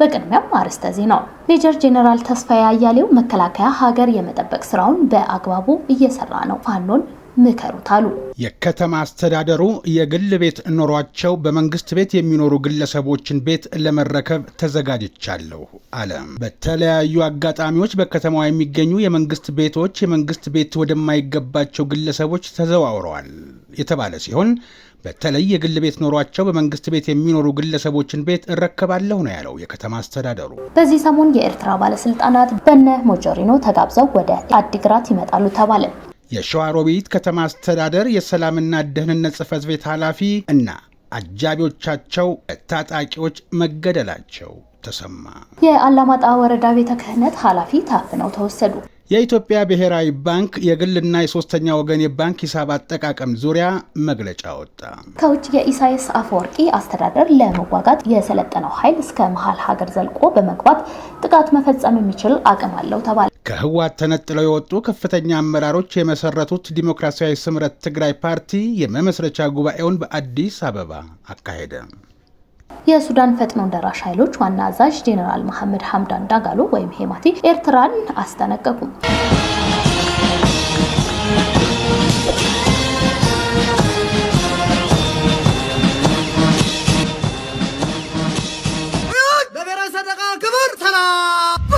በቅድሚያም አርዕስተ ዜናው ሜጀር ጄኔራል ተስፋዬ አያሌው መከላከያ ሀገር የመጠበቅ ስራውን በአግባቡ እየሰራ ነው፣ ፋኖን ምከሩት አሉ። የከተማ አስተዳደሩ የግል ቤት ኖሯቸው በመንግስት ቤት የሚኖሩ ግለሰቦችን ቤት ለመረከብ ተዘጋጅቻለሁ አለ። በተለያዩ አጋጣሚዎች በከተማዋ የሚገኙ የመንግስት ቤቶች የመንግስት ቤት ወደማይገባቸው ግለሰቦች ተዘዋውረዋል የተባለ ሲሆን በተለይ የግል ቤት ኖሯቸው በመንግስት ቤት የሚኖሩ ግለሰቦችን ቤት እረከባለሁ ነው ያለው የከተማ አስተዳደሩ። በዚህ ሰሞን የኤርትራ ባለስልጣናት በነ ሞጆሪኖ ተጋብዘው ወደ አዲግራት ይመጣሉ ተባለ። የሸዋሮቢት ከተማ አስተዳደር የሰላምና ደህንነት ጽህፈት ቤት ኃላፊ እና አጃቢዎቻቸው ታጣቂዎች መገደላቸው ተሰማ። የአላማጣ ወረዳ ቤተ ክህነት ኃላፊ ታፍነው ተወሰዱ። የኢትዮጵያ ብሔራዊ ባንክ የግልና የሶስተኛ ወገን የባንክ ሂሳብ አጠቃቀም ዙሪያ መግለጫ ወጣ። ከውጭ የኢሳያስ አፈወርቂ አስተዳደር ለመዋጋት የሰለጠነው ኃይል እስከ መሀል ሀገር ዘልቆ በመግባት ጥቃት መፈጸም የሚችል አቅም አለው ተባለ። ከህወሓት ተነጥለው የወጡ ከፍተኛ አመራሮች የመሰረቱት ዲሞክራሲያዊ ስምረት ትግራይ ፓርቲ የመመስረቻ ጉባኤውን በአዲስ አበባ አካሄደ። የሱዳን ፈጥኖ ደራሽ ኃይሎች ዋና አዛዥ ጄኔራል መሐመድ ሐምዳን ዳጋሎ ወይም ሄማቲ ኤርትራን አስጠነቀቁ።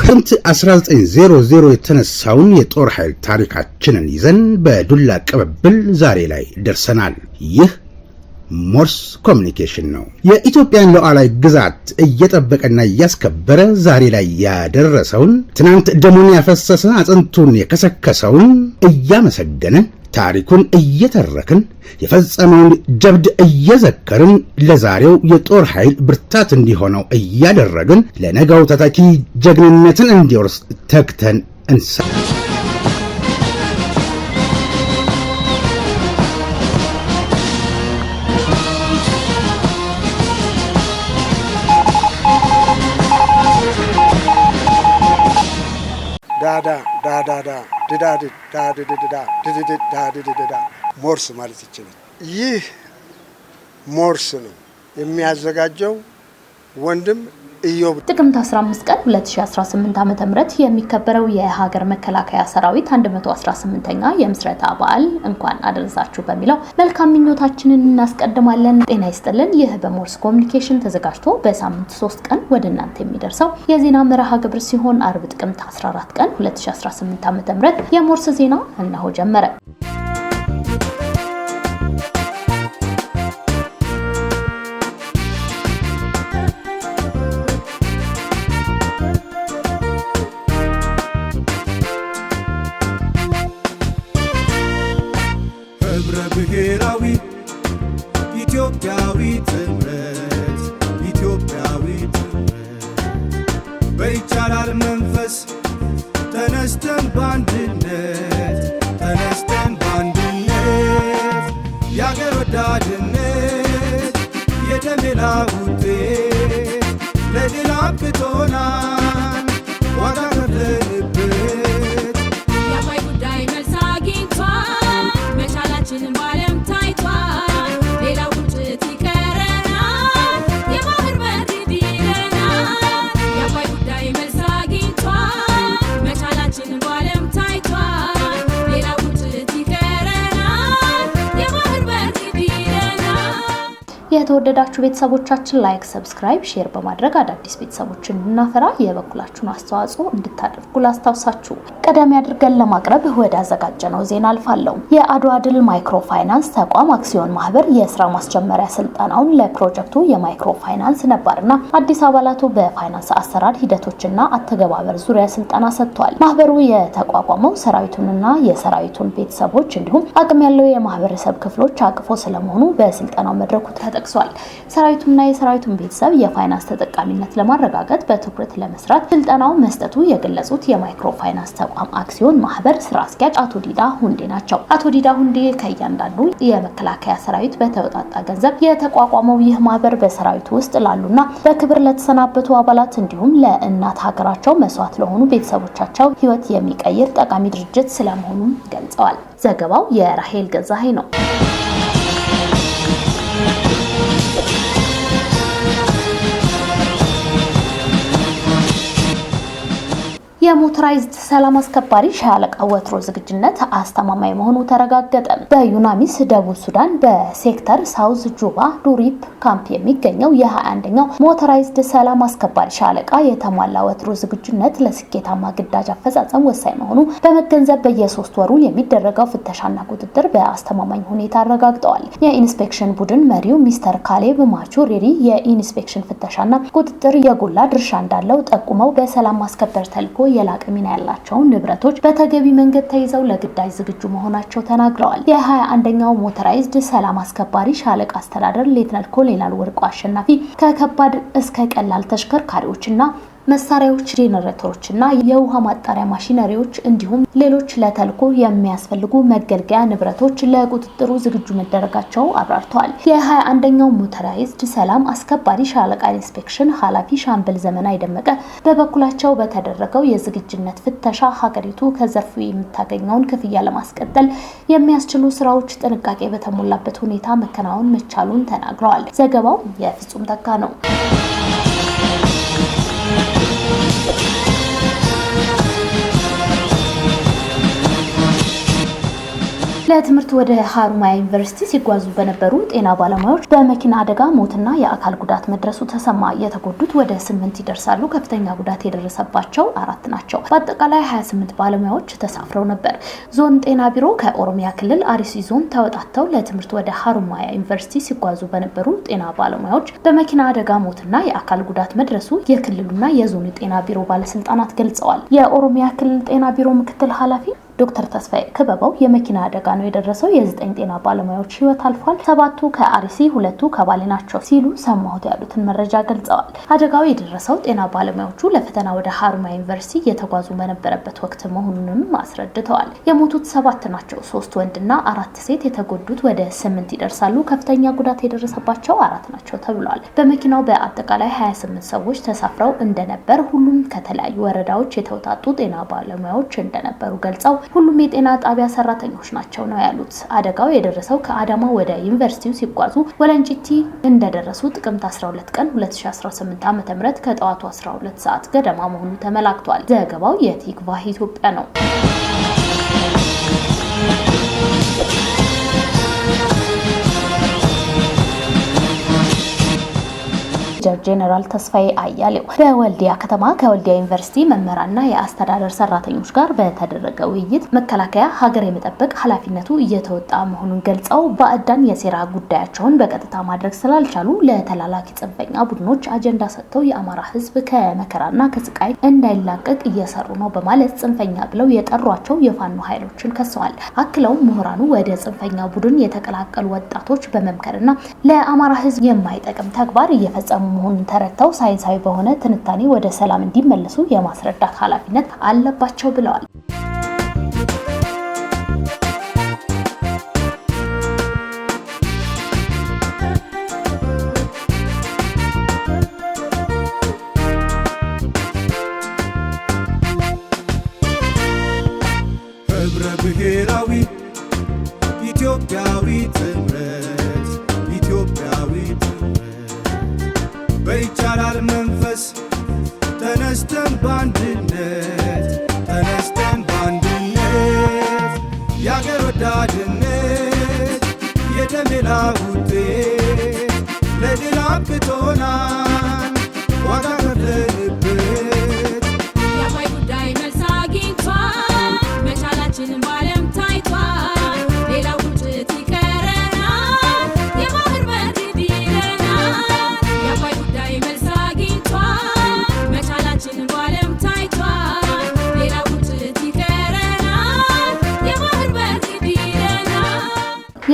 ጥቅምት 1900 የተነሳውን የጦር ኃይል ታሪካችንን ይዘን በዱላ ቅብብል ዛሬ ላይ ደርሰናል። ይህ ሞርስ ኮሚኒኬሽን ነው። የኢትዮጵያን ሉዓላዊ ግዛት እየጠበቀና እያስከበረ ዛሬ ላይ ያደረሰውን ትናንት ደሙን ያፈሰሰ አጥንቱን የከሰከሰውን እያመሰገነ ታሪኩን እየተረክን የፈጸመውን ጀብድ እየዘከርን ለዛሬው የጦር ኃይል ብርታት እንዲሆነው እያደረግን ለነገው ተተኪ ጀግንነትን እንዲወርስ ተግተን እንሳ ዳዳ ዳዳዳ ድዳድ ዳድድዳ ሞርስ ማለት ይችላል። ይህ ሞርስ ነው የሚያዘጋጀው ወንድም ኢዮብ ጥቅምት 15 ቀን 2018 ም የሚከበረው የሀገር መከላከያ ሰራዊት 118ኛ የምስረታ በዓል እንኳን አደረሳችሁ በሚለው መልካም ምኞታችንን እናስቀድማለን። ጤና ይስጥልን። ይህ በሞርስ ኮሚኒኬሽን ተዘጋጅቶ በሳምንት 3 ቀን ወደ እናንተ የሚደርሰው የዜና መርሃ ግብር ሲሆን አርብ ጥቅምት 14 ቀን 2018 ዓ.ም የሞርስ ዜና እነሆ ጀመረ። ተነስተን ባንድነት ተነስተን ባንድነት የአገር ወዳድነት የደሜላ ውጤት ለድል አብቅቶናል። የተወደዳችሁ ቤተሰቦቻችን ላይክ፣ ሰብስክራይብ፣ ሼር በማድረግ አዳዲስ ቤተሰቦችን እንድናፈራ የበኩላችሁን አስተዋጽኦ እንድታደርጉ ላስታውሳችሁ። ቀዳሚ አድርገን ለማቅረብ ወደ ነው ዜና አልፋለሁ። የአድዋ ድል ማይክሮ ፋይናንስ ተቋም አክሲዮን ማህበር የስራ ማስጀመሪያ ስልጠናውን ለፕሮጀክቱ የማይክሮ ፋይናንስ ነባርና አዲስ አባላቱ በፋይናንስ አሰራር ሂደቶችና አተገባበር ዙሪያ ስልጠና ሰጥቷል። ማህበሩ የተቋቋመው ሰራዊቱንና የሰራዊቱን ቤተሰቦች እንዲሁም አቅም ያለው የማህበረሰብ ክፍሎች አቅፎ ስለመሆኑ በስልጠናው መድረኩ ተጠቅሷል። ሰራዊቱና የሰራዊቱን ቤተሰብ የፋይናንስ ተጠቃሚነት ለማረጋገጥ በትኩረት ለመስራት ስልጠናው መስጠቱ የገለጹት የማይክሮ ፋይናንስ ተቋም ተቋም አክሲዮን ማህበር ስራ አስኪያጅ አቶ ዲዳ ሁንዴ ናቸው። አቶ ዲዳ ሁንዴ ከእያንዳንዱ የመከላከያ ሰራዊት በተወጣጣ ገንዘብ የተቋቋመው ይህ ማህበር በሰራዊቱ ውስጥ ላሉና በክብር ለተሰናበቱ አባላት እንዲሁም ለእናት ሀገራቸው መስዋዕት ለሆኑ ቤተሰቦቻቸው ህይወት የሚቀይር ጠቃሚ ድርጅት ስለመሆኑም ገልጸዋል። ዘገባው የራሄል ገዛሀይ ነው። የሞተራይዝድ ሰላም አስከባሪ ሻለቃ ወትሮ ዝግጅነት አስተማማኝ መሆኑ ተረጋገጠ። በዩናሚስ ደቡብ ሱዳን በሴክተር ሳውዝ ጁባ ዱሪፕ ካምፕ የሚገኘው የ21ኛው ሞተራይዝድ ሰላም አስከባሪ ሻለቃ የተሟላ ወትሮ ዝግጁነት ለስኬታማ ግዳጅ አፈጻጸም ወሳኝ መሆኑ በመገንዘብ በየሶስት ወሩ የሚደረገው ፍተሻና ቁጥጥር በአስተማማኝ ሁኔታ አረጋግጠዋል። የኢንስፔክሽን ቡድን መሪው ሚስተር ካሌብ ማቹሪሪ የኢንስፔክሽን ፍተሻና ቁጥጥር የጎላ ድርሻ እንዳለው ጠቁመው በሰላም ማስከበር ተልዕኮ የላቀ ሚና ያላቸውን ንብረቶች በተገቢ መንገድ ተይዘው ለግዳጅ ዝግጁ መሆናቸው ተናግረዋል። የሀያ አንደኛው ሞተራይዝድ ሰላም አስከባሪ ሻለቃ አስተዳደር ሌትናል ኮሎኔል ወርቁ አሸናፊ ከከባድ እስከ ቀላል ተሽከርካሪዎችና መሳሪያዎች፣ ጄኔሬተሮች እና የውሃ ማጣሪያ ማሽነሪዎች እንዲሁም ሌሎች ለተልኮ የሚያስፈልጉ መገልገያ ንብረቶች ለቁጥጥሩ ዝግጁ መደረጋቸው አብራርተዋል። የሀያ አንደኛው ሞተራይዝድ ሰላም አስከባሪ ሻለቃ ኢንስፔክሽን ኃላፊ ሻምበል ዘመና የደመቀ በበኩላቸው በተደረገው የዝግጅነት ፍተሻ ሀገሪቱ ከዘርፉ የምታገኘውን ክፍያ ለማስቀጠል የሚያስችሉ ስራዎች ጥንቃቄ በተሞላበት ሁኔታ መከናወን መቻሉን ተናግረዋል። ዘገባው የፍጹም ተካ ነው። Thank you. ለትምህርት ወደ ሀሩማያ ዩኒቨርሲቲ ሲጓዙ በነበሩ ጤና ባለሙያዎች በመኪና አደጋ ሞትና የአካል ጉዳት መድረሱ ተሰማ። የተጎዱት ወደ ስምንት ይደርሳሉ። ከፍተኛ ጉዳት የደረሰባቸው አራት ናቸው። በአጠቃላይ 28 ባለሙያዎች ተሳፍረው ነበር። ዞን ጤና ቢሮ ከኦሮሚያ ክልል አሪሲ ዞን ተወጣተው ለትምህርት ወደ ሀሩማያ ዩኒቨርሲቲ ሲጓዙ በነበሩ ጤና ባለሙያዎች በመኪና አደጋ ሞትና የአካል ጉዳት መድረሱ የክልሉና የዞኑ ጤና ቢሮ ባለስልጣናት ገልጸዋል። የኦሮሚያ ክልል ጤና ቢሮ ምክትል ኃላፊ ዶክተር ተስፋዬ ክበበው የመኪና አደጋ ነው የደረሰው። የዘጠኝ ጤና ባለሙያዎች ህይወት አልፏል። ሰባቱ ከአርሲ ሁለቱ ከባሌ ናቸው ሲሉ ሰማሁት ያሉትን መረጃ ገልጸዋል። አደጋው የደረሰው ጤና ባለሙያዎቹ ለፈተና ወደ ሀሩማያ ዩኒቨርሲቲ እየተጓዙ በነበረበት ወቅት መሆኑንም አስረድተዋል። የሞቱት ሰባት ናቸው፣ ሶስት ወንድና አራት ሴት። የተጎዱት ወደ ስምንት ይደርሳሉ። ከፍተኛ ጉዳት የደረሰባቸው አራት ናቸው ተብሏል። በመኪናው በአጠቃላይ 28 ሰዎች ተሳፍረው እንደነበር ሁሉም ከተለያዩ ወረዳዎች የተውጣጡ ጤና ባለሙያዎች እንደነበሩ ገልጸው ሁሉም የጤና ጣቢያ ሰራተኞች ናቸው ነው ያሉት። አደጋው የደረሰው ከአዳማ ወደ ዩኒቨርሲቲው ሲጓዙ ወለንጭቲ እንደደረሱ ጥቅምት 12 ቀን 2018 ዓ ም ከጠዋቱ 12 ሰዓት ገደማ መሆኑ ተመላክቷል። ዘገባው የቲክቫህ ኢትዮጵያ ነው። ሜጀር ጄኔራል ተስፋዬ አያሌው በወልዲያ ከተማ ከወልዲያ ዩኒቨርሲቲ መምህራንና የአስተዳደር ሰራተኞች ጋር በተደረገ ውይይት መከላከያ ሀገር የመጠበቅ ኃላፊነቱ እየተወጣ መሆኑን ገልጸው ባዕዳን የሴራ ጉዳያቸውን በቀጥታ ማድረግ ስላልቻሉ ለተላላኪ ጽንፈኛ ቡድኖች አጀንዳ ሰጥተው የአማራ ሕዝብ ከመከራና ከስቃይ እንዳይላቀቅ እየሰሩ ነው በማለት ጽንፈኛ ብለው የጠሯቸው የፋኖ ኃይሎችን ከሰዋል። አክለውም ምሁራኑ ወደ ጽንፈኛ ቡድን የተቀላቀሉ ወጣቶች በመምከርና ለአማራ ሕዝብ የማይጠቅም ተግባር እየፈጸሙ መሆኑን ተረድተው ሳይንሳዊ በሆነ ትንታኔ ወደ ሰላም እንዲመለሱ የማስረዳት ኃላፊነት አለባቸው ብለዋል።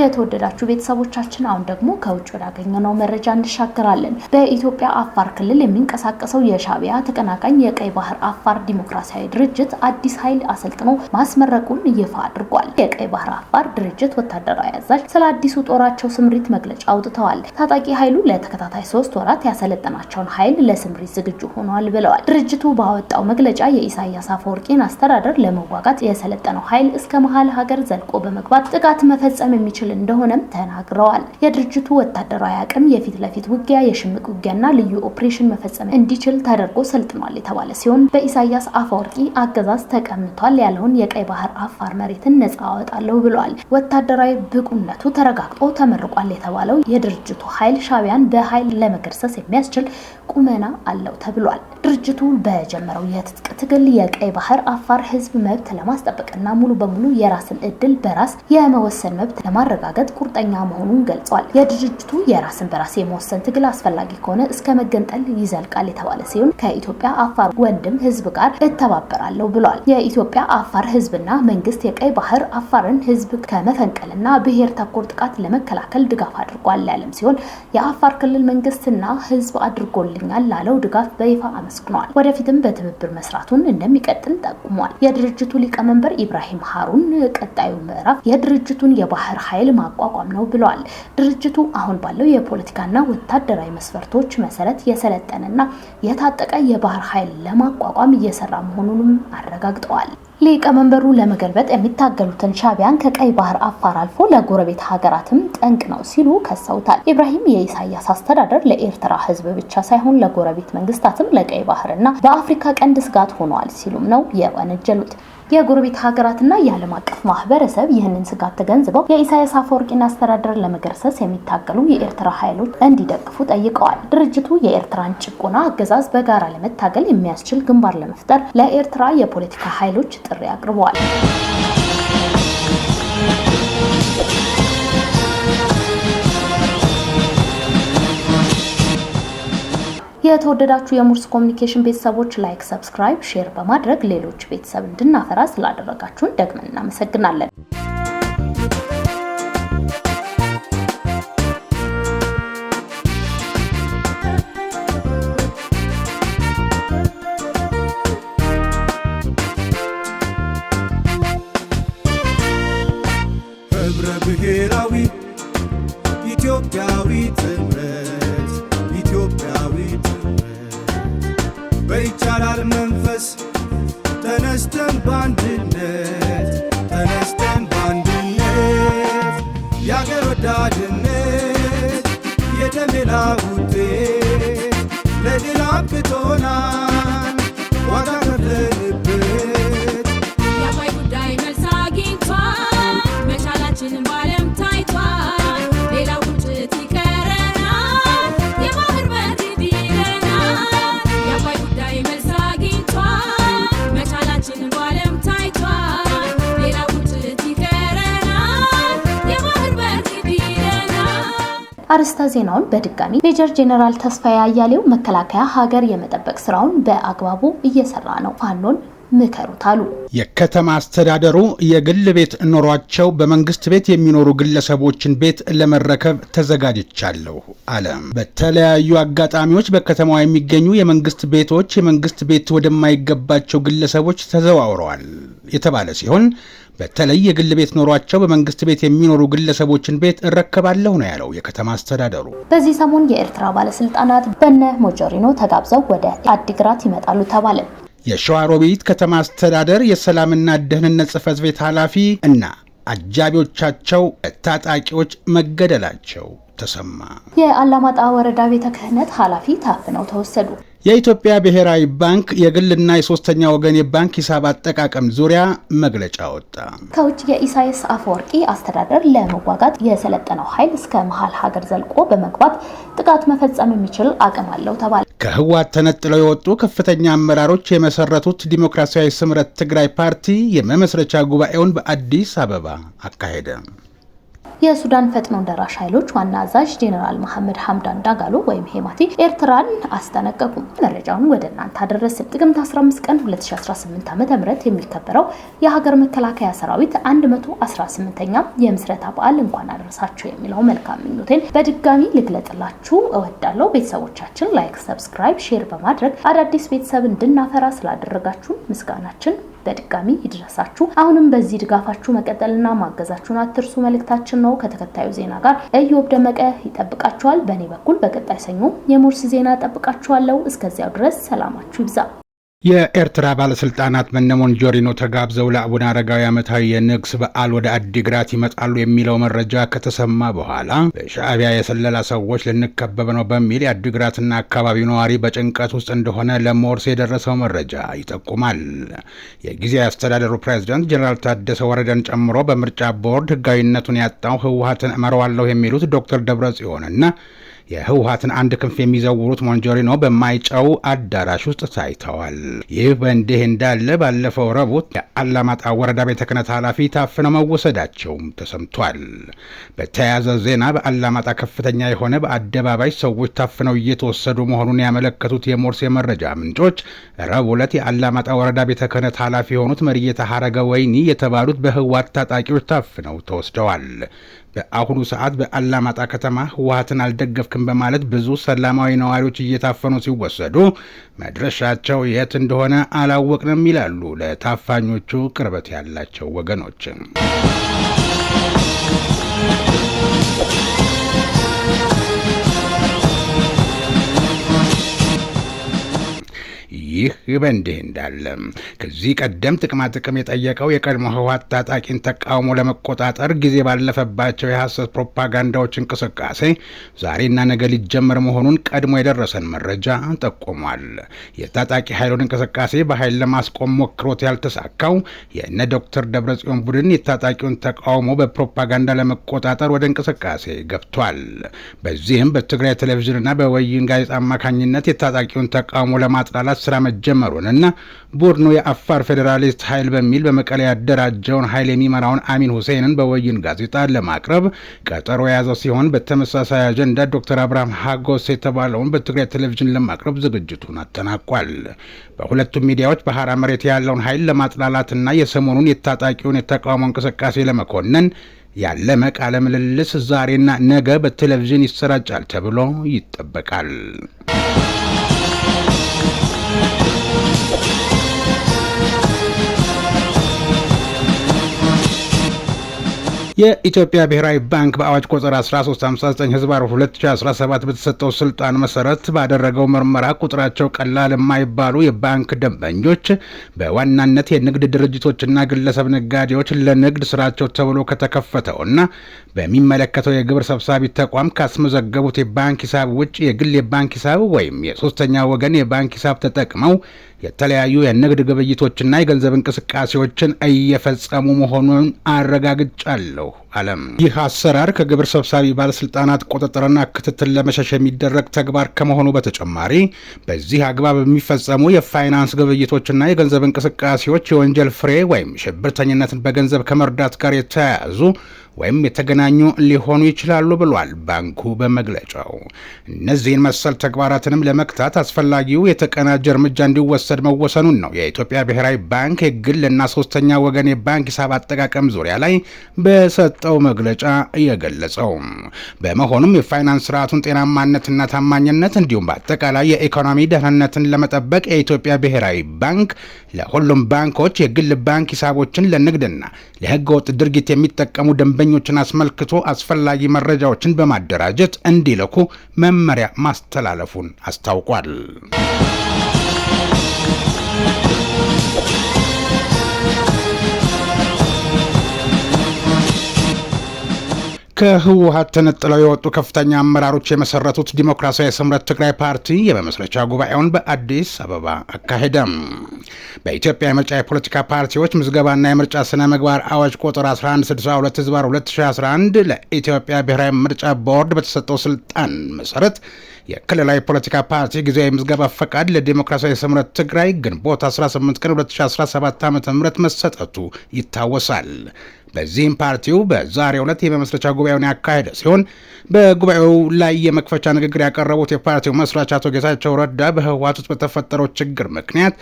የተወደዳችሁ ቤተሰቦቻችን አሁን ደግሞ ከውጭ ወዳገኘነው መረጃ እንሻገራለን። በኢትዮጵያ አፋር ክልል የሚንቀሳቀሰው የሻቢያ ተቀናቃኝ የቀይ ባህር አፋር ዲሞክራሲያዊ ድርጅት አዲስ ኃይል አሰልጥኖ ማስመረቁን ይፋ አድርጓል። የቀይ ባህር አፋር ድርጅት ወታደራዊ አዛዥ ስለ አዲሱ ጦራቸው ስምሪት መግለጫ አውጥተዋል። ታጣቂ ኃይሉ ለተከታታይ ሶስት ወራት ያሰለጠናቸውን ኃይል ለስምሪት ዝግጁ ሆኗል ብለዋል። ድርጅቱ ባወጣው መግለጫ የኢሳያስ አፈወርቂን አስተዳደር ለመዋጋት የሰለጠነው ኃይል እስከ መሀል ሀገር ዘልቆ በመግባት ጥቃት መፈጸም የሚችል እንደሆነም ተናግረዋል። የድርጅቱ ወታደራዊ አቅም የፊት ለፊት ውጊያ፣ የሽምቅ ውጊያና ልዩ ኦፕሬሽን መፈጸም እንዲችል ተደርጎ ሰልጥኗል የተባለ ሲሆን በኢሳያስ አፈወርቂ አገዛዝ ተቀምቷል ያለውን የቀይ ባህር አፋር መሬትን ነጻ አወጣለሁ ብለዋል። ወታደራዊ ብቁነቱ ተረጋግጦ ተመርቋል የተባለው የድርጅቱ ኃይል ሻቢያን በኃይል ለመገርሰስ የሚያስችል ቁመና አለው ተብሏል። ድርጅቱ በጀመረው የትጥቅ ትግል የቀይ ባህር አፋር ህዝብ መብት ለማስጠበቅና ሙሉ በሙሉ የራስን እድል በራስ የመወሰን መብት ለማረጋገጥ ቁርጠኛ መሆኑን ገልጿል። የድርጅቱ የራስን በራስ የመወሰን ትግል አስፈላጊ ከሆነ እስከ መገንጠል ይዘልቃል የተባለ ሲሆን ከኢትዮጵያ አፋር ወንድም ህዝብ ጋር እተባበራለሁ ብሏል። የኢትዮጵያ አፋር ህዝብና መንግስት የቀይ ባህር አፋርን ህዝብ ከመፈንቀልና ብሔር ተኮር ጥቃት ለመከላከል ድጋፍ አድርጓል ያለም ሲሆን የአፋር ክልል መንግስትና ህዝብ አድርጎልኛል ላለው ድጋፍ በይፋ አመስግኗል። ወደፊትም በትብብር መስራቱን እንደሚቀጥል ጠቁሟል። የድርጅቱ ሊቀመንበር ኢብራሂም ሀሩን ቀጣዩ ምዕራፍ የድርጅቱን የባህር ኃይል ማቋቋም ነው ብለዋል። ድርጅቱ አሁን ባለው የፖለቲካና ወታደራዊ መስፈርቶች መሰረት የሰለጠነና የታጠቀ የባህር ኃይል ለማቋቋም እየሰራ መሆኑንም አረጋግጠዋል። ሊቀመንበሩ ለመገልበጥ የሚታገሉትን ሻቢያን ከቀይ ባህር አፋር አልፎ ለጎረቤት ሀገራትም ጠንቅ ነው ሲሉ ከሰውታል። ኢብራሂም የኢሳያስ አስተዳደር ለኤርትራ ሕዝብ ብቻ ሳይሆን ለጎረቤት መንግስታትም ለቀይ ባህርና በአፍሪካ ቀንድ ስጋት ሆኗል ሲሉም ነው የወነጀሉት። የጎረቤት ሀገራትና የዓለም አቀፍ ማህበረሰብ ይህንን ስጋት ተገንዝበው የኢሳያስ አፈወርቂን አስተዳደር ለመገርሰስ የሚታገሉ የኤርትራ ኃይሎች እንዲደግፉ ጠይቀዋል። ድርጅቱ የኤርትራን ጭቆና አገዛዝ በጋራ ለመታገል የሚያስችል ግንባር ለመፍጠር ለኤርትራ የፖለቲካ ኃይሎች ጥሪ አቅርበዋል። የተወደዳችሁ የሙርስ ኮሚኒኬሽን ቤተሰቦች ላይክ፣ ሰብስክራይብ፣ ሼር በማድረግ ሌሎች ቤተሰብ እንድናፈራ ስላደረጋችሁን ደግመን እናመሰግናለን። ወዳጅነት የደሜ ውጤት ለሌላ አብቅቶናል አርዕስተ ዜናውን በድጋሚ ሜጀር ጄኔራል ተስፋዬ አያሌው መከላከያ ሀገር የመጠበቅ ስራውን በአግባቡ እየሰራ ነው፣ ፋኖን ምከሩት አሉ። የከተማ አስተዳደሩ የግል ቤት ኖሯቸው በመንግስት ቤት የሚኖሩ ግለሰቦችን ቤት ለመረከብ ተዘጋጅቻለሁ አለ። በተለያዩ አጋጣሚዎች በከተማዋ የሚገኙ የመንግስት ቤቶች የመንግስት ቤት ወደማይገባቸው ግለሰቦች ተዘዋውረዋል የተባለ ሲሆን በተለይ የግል ቤት ኖሯቸው በመንግስት ቤት የሚኖሩ ግለሰቦችን ቤት እረከባለሁ ነው ያለው የከተማ አስተዳደሩ። በዚህ ሰሞን የኤርትራ ባለስልጣናት በነ ሞጆሪኖ ተጋብዘው ወደ አዲግራት ይመጣሉ ተባለ። የሸዋሮቢት ከተማ አስተዳደር የሰላምና ደህንነት ጽህፈት ቤት ኃላፊ እና አጃቢዎቻቸው ታጣቂዎች መገደላቸው ተሰማ። የአላማጣ ወረዳ ቤተ ክህነት ኃላፊ ታፍነው ተወሰዱ። የኢትዮጵያ ብሔራዊ ባንክ የግልና የሶስተኛ ወገን የባንክ ሂሳብ አጠቃቀም ዙሪያ መግለጫ ወጣ። ከውጭ የኢሳያስ አፈወርቂ አስተዳደር ለመዋጋት የሰለጠነው ኃይል እስከ መሀል ሀገር ዘልቆ በመግባት ጥቃት መፈጸም የሚችል አቅም አለው ተባለ። ከህወሓት ተነጥለው የወጡ ከፍተኛ አመራሮች የመሰረቱት ዲሞክራሲያዊ ስምረት ትግራይ ፓርቲ የመመስረቻ ጉባኤውን በአዲስ አበባ አካሄደ። የሱዳን ፈጥኖ ደራሽ ኃይሎች ዋና አዛዥ ጄኔራል መሐመድ ሐምዳን ዳጋሎ ወይም ሄማቲ ኤርትራን አስጠነቀቁ። መረጃውን ወደ እናንተ አደረስን። ጥቅምት 15 ቀን 2018 ዓ ም የሚከበረው የሀገር መከላከያ ሰራዊት 118ኛ የምስረታ በዓል እንኳን አደረሳችሁ የሚለው መልካም ምኞቴን በድጋሚ ልግለጥላችሁ እወዳለሁ። ቤተሰቦቻችን ላይክ፣ ሰብስክራይብ፣ ሼር በማድረግ አዳዲስ ቤተሰብ እንድናፈራ ስላደረጋችሁ ምስጋናችን በድጋሚ ይድረሳችሁ። አሁንም በዚህ ድጋፋችሁ መቀጠልና ማገዛችሁን አትርሱ መልእክታችን ነው። ነው። ከተከታዩ ዜና ጋር እዮብ ደመቀ ይጠብቃችኋል። በእኔ በኩል በቀጣይ ሰኞ የሞርስ ዜና ጠብቃችኋለሁ። እስከዚያው ድረስ ሰላማችሁ ይብዛ። የኤርትራ ባለስልጣናት መነሞን ጆሪኖ ተጋብዘው ለአቡነ አረጋዊ ዓመታዊ የንግስ በዓል ወደ አዲግራት ይመጣሉ የሚለው መረጃ ከተሰማ በኋላ በሻዕቢያ የሰለላ ሰዎች ልንከበብ ነው በሚል የአዲግራትና አካባቢው ነዋሪ በጭንቀት ውስጥ እንደሆነ ለሞርስ የደረሰው መረጃ ይጠቁማል። የጊዜያዊ አስተዳደሩ ፕሬዚደንት ጀኔራል ታደሰ ወረደን ጨምሮ በምርጫ ቦርድ ህጋዊነቱን ያጣው ህወሀትን እመረዋለሁ የሚሉት ዶክተር ደብረ ጽዮንና የህወሀትን አንድ ክንፍ የሚዘውሩት ሞንጆሪኖ በማይጨው አዳራሽ ውስጥ ታይተዋል። ይህ በእንዲህ እንዳለ ባለፈው ረቡት የአላማጣ ወረዳ ቤተ ክህነት ኃላፊ ታፍነው መወሰዳቸውም ተሰምቷል። በተያያዘ ዜና በአላማጣ ከፍተኛ የሆነ በአደባባይ ሰዎች ታፍነው እየተወሰዱ መሆኑን ያመለከቱት የሞርስ የመረጃ ምንጮች ረቡዕ ዕለት የአላማጣ ወረዳ ቤተ ክህነት ኃላፊ የሆኑት መሪየታ ሀረገ ወይኒ የተባሉት በህወሓት ታጣቂዎች ታፍነው ተወስደዋል። በአሁኑ ሰዓት በአላማጣ ከተማ ህወሀትን አልደገፍክም በማለት ብዙ ሰላማዊ ነዋሪዎች እየታፈኑ ሲወሰዱ መድረሻቸው የት እንደሆነ አላወቅንም ይላሉ ለታፋኞቹ ቅርበት ያላቸው ወገኖች። ይህ በእንዲህ እንዳለ ከዚህ ቀደም ጥቅማጥቅም የጠየቀው የቀድሞ ህወሓት ታጣቂን ተቃውሞ ለመቆጣጠር ጊዜ ባለፈባቸው የሐሰት ፕሮፓጋንዳዎች እንቅስቃሴ ዛሬና ነገ ሊጀመር መሆኑን ቀድሞ የደረሰን መረጃ ጠቁሟል። የታጣቂ ኃይሉን እንቅስቃሴ በኃይል ለማስቆም ሞክሮት ያልተሳካው የነ ዶክተር ደብረጽዮን ቡድን የታጣቂውን ተቃውሞ በፕሮፓጋንዳ ለመቆጣጠር ወደ እንቅስቃሴ ገብቷል። በዚህም በትግራይ ቴሌቪዥንና በወይን ጋዜጣ አማካኝነት የታጣቂውን ተቃውሞ ለማጥላላት ስራ መጀመሩንና ቡድኑ የአፋር ፌዴራሊስት ኃይል በሚል በመቀሌ ያደራጀውን ኃይል የሚመራውን አሚን ሁሴንን በወይን ጋዜጣ ለማቅረብ ቀጠሮ የያዘ ሲሆን በተመሳሳይ አጀንዳ ዶክተር አብርሃም ሀጎስ የተባለውን በትግራይ ቴሌቪዥን ለማቅረብ ዝግጅቱን አጠናቋል። በሁለቱም ሚዲያዎች ባህራ መሬት ያለውን ኃይል ለማጥላላትና የሰሞኑን የታጣቂውን የተቃውሞ እንቅስቃሴ ለመኮነን ያለመ ቃለ ምልልስ ዛሬና ነገ በቴሌቪዥን ይሰራጫል ተብሎ ይጠበቃል። የኢትዮጵያ ብሔራዊ ባንክ በአዋጅ ቁጥር 1359 ህዝብ 2017 በተሰጠው ስልጣን መሰረት ባደረገው ምርመራ ቁጥራቸው ቀላል የማይባሉ የባንክ ደንበኞች በዋናነት የንግድ ድርጅቶችና ግለሰብ ነጋዴዎች ለንግድ ስራቸው ተብሎ ከተከፈተውና በሚመለከተው የግብር ሰብሳቢ ተቋም ካስመዘገቡት የባንክ ሂሳብ ውጭ የግል የባንክ ሂሳብ ወይም የሶስተኛ ወገን የባንክ ሂሳብ ተጠቅመው የተለያዩ የንግድ ግብይቶችና የገንዘብ እንቅስቃሴዎችን እየፈጸሙ መሆኑን አረጋግጫለሁ አለው አለም። ይህ አሰራር ከግብር ሰብሳቢ ባለስልጣናት ቁጥጥርና ክትትል ለመሸሽ የሚደረግ ተግባር ከመሆኑ በተጨማሪ በዚህ አግባብ የሚፈጸሙ የፋይናንስ ግብይቶችና የገንዘብ እንቅስቃሴዎች የወንጀል ፍሬ ወይም ሽብርተኝነትን በገንዘብ ከመርዳት ጋር የተያያዙ ወይም የተገናኙ ሊሆኑ ይችላሉ ብሏል ባንኩ በመግለጫው። እነዚህን መሰል ተግባራትንም ለመቅታት አስፈላጊው የተቀናጀ እርምጃ እንዲወሰድ መወሰኑን ነው የኢትዮጵያ ብሔራዊ ባንክ የግልና ሶስተኛ ወገን የባንክ ሂሳብ አጠቃቀም ዙሪያ ላይ በሰጠው መግለጫ የገለጸው። በመሆኑም የፋይናንስ ስርዓቱን ጤናማነትና ታማኝነት እንዲሁም በአጠቃላይ የኢኮኖሚ ደህንነትን ለመጠበቅ የኢትዮጵያ ብሔራዊ ባንክ ለሁሉም ባንኮች የግል ባንክ ሂሳቦችን ለንግድና ለህገወጥ ድርጊት የሚጠቀሙ ደንበ ደንበኞችን አስመልክቶ አስፈላጊ መረጃዎችን በማደራጀት እንዲልኩ መመሪያ ማስተላለፉን አስታውቋል። ከህወሀት ተነጥለው የወጡ ከፍተኛ አመራሮች የመሰረቱት ዲሞክራሲያዊ ስምረት ትግራይ ፓርቲ የመመስረቻ ጉባኤውን በአዲስ አበባ አካሄደም። በኢትዮጵያ የምርጫ የፖለቲካ ፓርቲዎች ምዝገባና የምርጫ ስነ ምግባር አዋጅ ቁጥር 1162 ህዝባር 2011 ለኢትዮጵያ ብሔራዊ ምርጫ ቦርድ በተሰጠው ስልጣን መሰረት የክልላዊ ፖለቲካ ፓርቲ ጊዜያዊ ምዝገባ ፈቃድ ለዲሞክራሲያዊ ስምረት ትግራይ ግንቦት 18 ቀን 2017 ዓ ም መሰጠቱ ይታወሳል። ለዚህም ፓርቲው በዛሬው ዕለት የመመስረቻ ጉባኤውን ያካሄደ ሲሆን በጉባኤው ላይ የመክፈቻ ንግግር ያቀረቡት የፓርቲው መስራች አቶ ጌታቸው ረዳ በህወሓት ውስጥ በተፈጠረው ችግር ምክንያት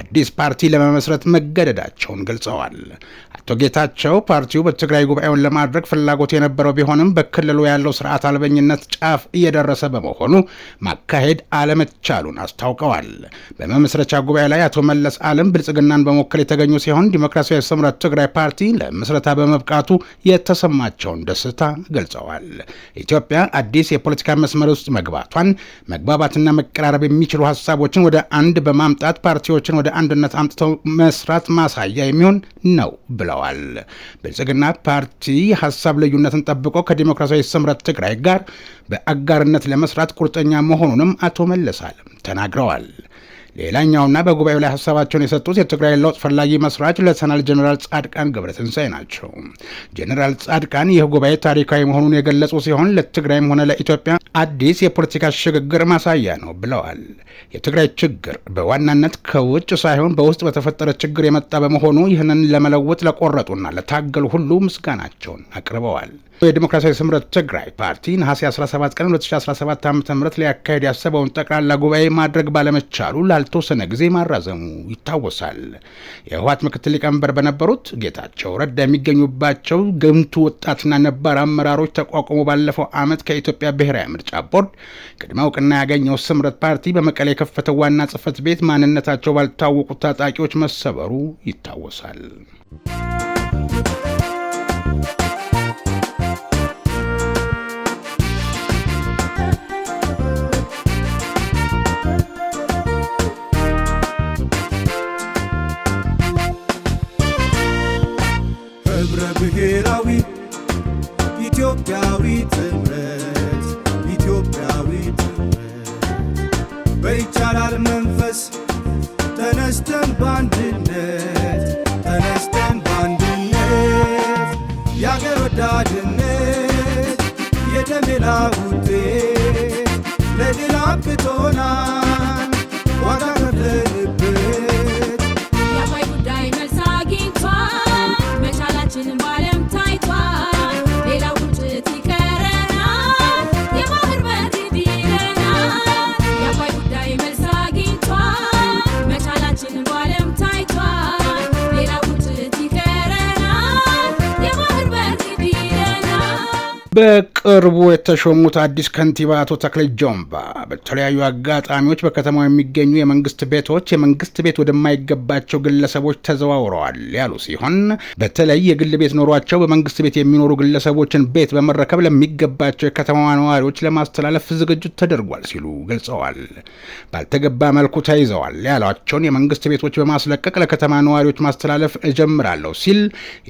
አዲስ ፓርቲ ለመመስረት መገደዳቸውን ገልጸዋል። አቶ ጌታቸው ፓርቲው በትግራይ ጉባኤውን ለማድረግ ፍላጎት የነበረው ቢሆንም በክልሉ ያለው ስርዓት አልበኝነት ጫፍ እየደረሰ በመሆኑ ማካሄድ አለመቻሉን አስታውቀዋል። በመመስረቻ ጉባኤ ላይ አቶ መለስ አለም ብልጽግናን በመወከል የተገኙ ሲሆን ዲሞክራሲያዊ ስምረት ትግራይ ፓርቲ ለምስረታ በመብቃቱ የተሰማቸውን ደስታ ገልጸዋል። ኢትዮጵያ አዲስ የፖለቲካ መስመር ውስጥ መግባቷን መግባባትና መቀራረብ የሚችሉ ሀሳቦችን ወደ አንድ በማምጣት ፓርቲዎችን ወደ አንድነት አምጥተው መስራት ማሳያ የሚሆን ነው ብለዋል። ብልጽግና ፓርቲ ሀሳብ ልዩነትን ጠብቆ ከዲሞክራሲያዊ ስምረት ትግራይ ጋር በአጋርነት ለመስራት ቁርጠኛ መሆኑንም አቶ መለስ አለም ተናግረዋል። ሌላኛውና በጉባኤው ላይ ሀሳባቸውን የሰጡት የትግራይ ለውጥ ፈላጊ መስራች ሌተናል ጀኔራል ጻድቃን ገብረትንሳኤ ናቸው። ጀኔራል ጻድቃን ይህ ጉባኤ ታሪካዊ መሆኑን የገለጹ ሲሆን ለትግራይም ሆነ ለኢትዮጵያ አዲስ የፖለቲካ ሽግግር ማሳያ ነው ብለዋል። የትግራይ ችግር በዋናነት ከውጭ ሳይሆን በውስጥ በተፈጠረ ችግር የመጣ በመሆኑ ይህንን ለመለወጥ ለቆረጡና ለታገሉ ሁሉ ምስጋናቸውን አቅርበዋል። የዲሞክራሲያዊ ስምረት ትግራይ ፓርቲ ነሐሴ 17 ቀን 2017 ዓ ም ሊያካሄድ ያሰበውን ጠቅላላ ጉባኤ ማድረግ ባለመቻሉ ያልተወሰነ ጊዜ ማራዘሙ ይታወሳል። የህወሓት ምክትል ሊቀመንበር በነበሩት ጌታቸው ረዳ የሚገኙባቸው ግምቱ ወጣትና ነባር አመራሮች ተቋቁሞ ባለፈው ዓመት ከኢትዮጵያ ብሔራዊ ምርጫ ቦርድ ቅድመ እውቅና ያገኘው ስምረት ፓርቲ በመቀሌ የከፈተው ዋና ጽህፈት ቤት ማንነታቸው ባልታወቁት ታጣቂዎች መሰበሩ ይታወሳል። በቅርቡ የተሾሙት አዲስ ከንቲባ አቶ ተክሌ ጆምባ በተለያዩ አጋጣሚዎች በከተማው የሚገኙ የመንግስት ቤቶች የመንግስት ቤት ወደማይገባቸው ግለሰቦች ተዘዋውረዋል ያሉ ሲሆን በተለይ የግል ቤት ኖሯቸው በመንግስት ቤት የሚኖሩ ግለሰቦችን ቤት በመረከብ ለሚገባቸው የከተማዋ ነዋሪዎች ለማስተላለፍ ዝግጅት ተደርጓል ሲሉ ገልጸዋል። ባልተገባ መልኩ ተይዘዋል ያሏቸውን የመንግስት ቤቶች በማስለቀቅ ለከተማ ነዋሪዎች ማስተላለፍ እጀምራለሁ ሲል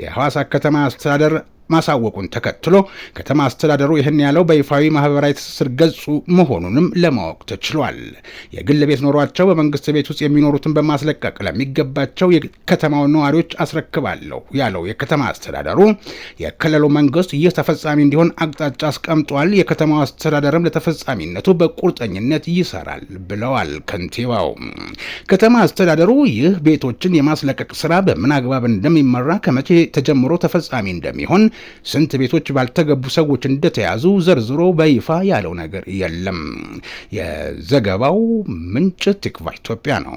የሐዋሳ ከተማ አስተዳደር ማሳወቁን ተከትሎ ከተማ አስተዳደሩ ይህን ያለው በይፋዊ ማህበራዊ ትስስር ገጹ መሆኑንም ለማወቅ ተችሏል። የግል ቤት ኖሯቸው በመንግስት ቤት ውስጥ የሚኖሩትን በማስለቀቅ ለሚገባቸው የከተማው ነዋሪዎች አስረክባለሁ ያለው የከተማ አስተዳደሩ የክልሉ መንግስት ይህ ተፈጻሚ እንዲሆን አቅጣጫ አስቀምጧል። የከተማው አስተዳደርም ለተፈጻሚነቱ በቁርጠኝነት ይሰራል ብለዋል ከንቲባው። ከተማ አስተዳደሩ ይህ ቤቶችን የማስለቀቅ ስራ በምን አግባብ እንደሚመራ ከመቼ ተጀምሮ ተፈጻሚ እንደሚሆን ስንት ቤቶች ባልተገቡ ሰዎች እንደተያዙ ዘርዝሮ በይፋ ያለው ነገር የለም። የዘገባው ምንጭ ቲክቫ ኢትዮጵያ ነው።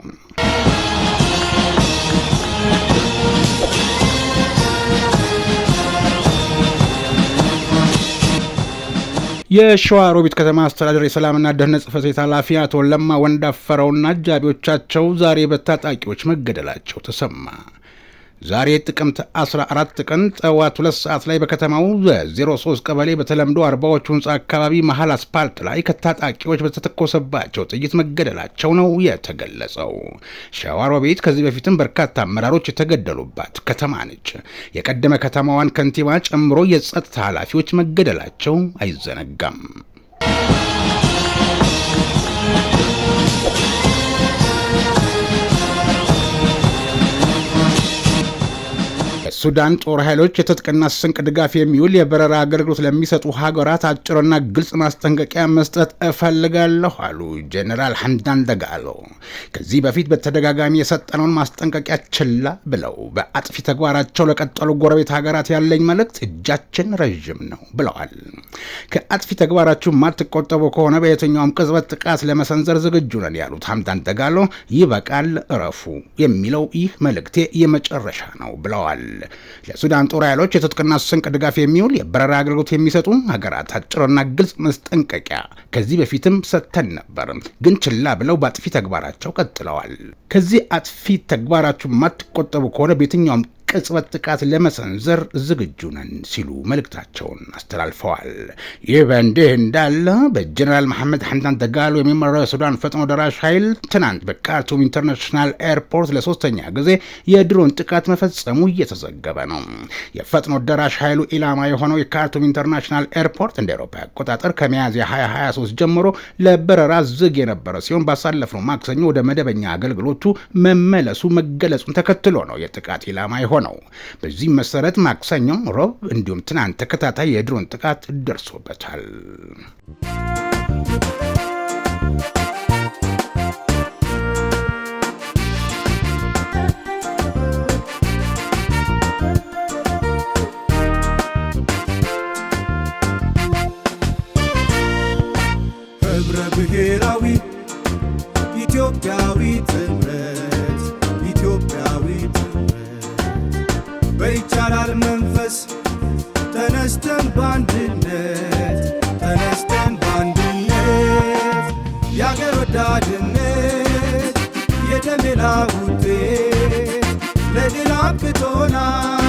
የሸዋ ሮቢት ከተማ አስተዳደር የሰላምና ደህንነት ጽሕፈት ቤት ኃላፊ አቶ ለማ ወንዳፈረውና አጃቢዎቻቸው ዛሬ በታጣቂዎች መገደላቸው ተሰማ። ዛሬ ጥቅምት 14 ቀን ጠዋት 2 ሰዓት ላይ በከተማው 03 ቀበሌ በተለምዶ አርባዎቹ ህንፃ አካባቢ መሀል አስፓልት ላይ ከታጣቂዎች በተተኮሰባቸው ጥይት መገደላቸው ነው የተገለጸው። ሸዋሮ ቤት ከዚህ በፊትም በርካታ አመራሮች የተገደሉባት ከተማ ነች። የቀደመ ከተማዋን ከንቲባ ጨምሮ የጸጥታ ኃላፊዎች መገደላቸው አይዘነጋም። ሱዳን ጦር ኃይሎች የትጥቅና ስንቅ ድጋፍ የሚውል የበረራ አገልግሎት ለሚሰጡ ሀገራት አጭርና ግልጽ ማስጠንቀቂያ መስጠት እፈልጋለሁ አሉ ጄኔራል ሐምዳን ደጋሎ። ከዚህ በፊት በተደጋጋሚ የሰጠነውን ማስጠንቀቂያ ችላ ብለው በአጥፊ ተግባራቸው ለቀጠሉ ጎረቤት ሀገራት ያለኝ መልእክት እጃችን ረዥም ነው ብለዋል። ከአጥፊ ተግባራችሁ ማትቆጠቡ ከሆነ በየትኛውም ቅጽበት ጥቃት ለመሰንዘር ዝግጁ ነን ያሉት ሐምዳን ደጋሎ ይበቃል፣ እረፉ የሚለው ይህ መልእክቴ የመጨረሻ ነው ብለዋል። ለሱዳን ጦር ኃይሎች የትጥቅና ስንቅ ድጋፍ የሚውል የበረራ አገልግሎት የሚሰጡ ሀገራት አጭርና ግልጽ መስጠንቀቂያ ከዚህ በፊትም ሰጥተን ነበር፣ ግን ችላ ብለው በአጥፊ ተግባራቸው ቀጥለዋል። ከዚህ አጥፊ ተግባራቸው የማትቆጠቡ ከሆነ በየትኛውም ቅጽበት ጥቃት ለመሰንዘር ዝግጁ ነን ሲሉ መልእክታቸውን አስተላልፈዋል። ይህ በእንዲህ እንዳለ በጀኔራል መሐመድ ሐምዳን ደጋሎ የሚመራው የሱዳን ፈጥኖ ደራሽ ኃይል ትናንት በካርቱም ኢንተርናሽናል ኤርፖርት ለሶስተኛ ጊዜ የድሮን ጥቃት መፈጸሙ እየተዘገበ ነው። የፈጥኖ ደራሽ ኃይሉ ኢላማ የሆነው የካርቱም ኢንተርናሽናል ኤርፖርት እንደ አውሮፓ አቆጣጠር ከሚያዝያ 2023 ጀምሮ ለበረራ ዝግ የነበረ ሲሆን ባሳለፍነው ማክሰኞ ወደ መደበኛ አገልግሎቱ መመለሱ መገለጹን ተከትሎ ነው የጥቃት ኢላማ የሆነው። ነው። በዚህ መሰረት ማክሰኞም፣ ሮብ እንዲሁም ትናንት ተከታታይ የድሮን ጥቃት ደርሶበታል። ይቻላል መንፈስ ተነስተን በአንድነት ተነስተን በአንድነት የአገር ወዳድነት የደሜላ ውጤት ለድል አብቅቶናል።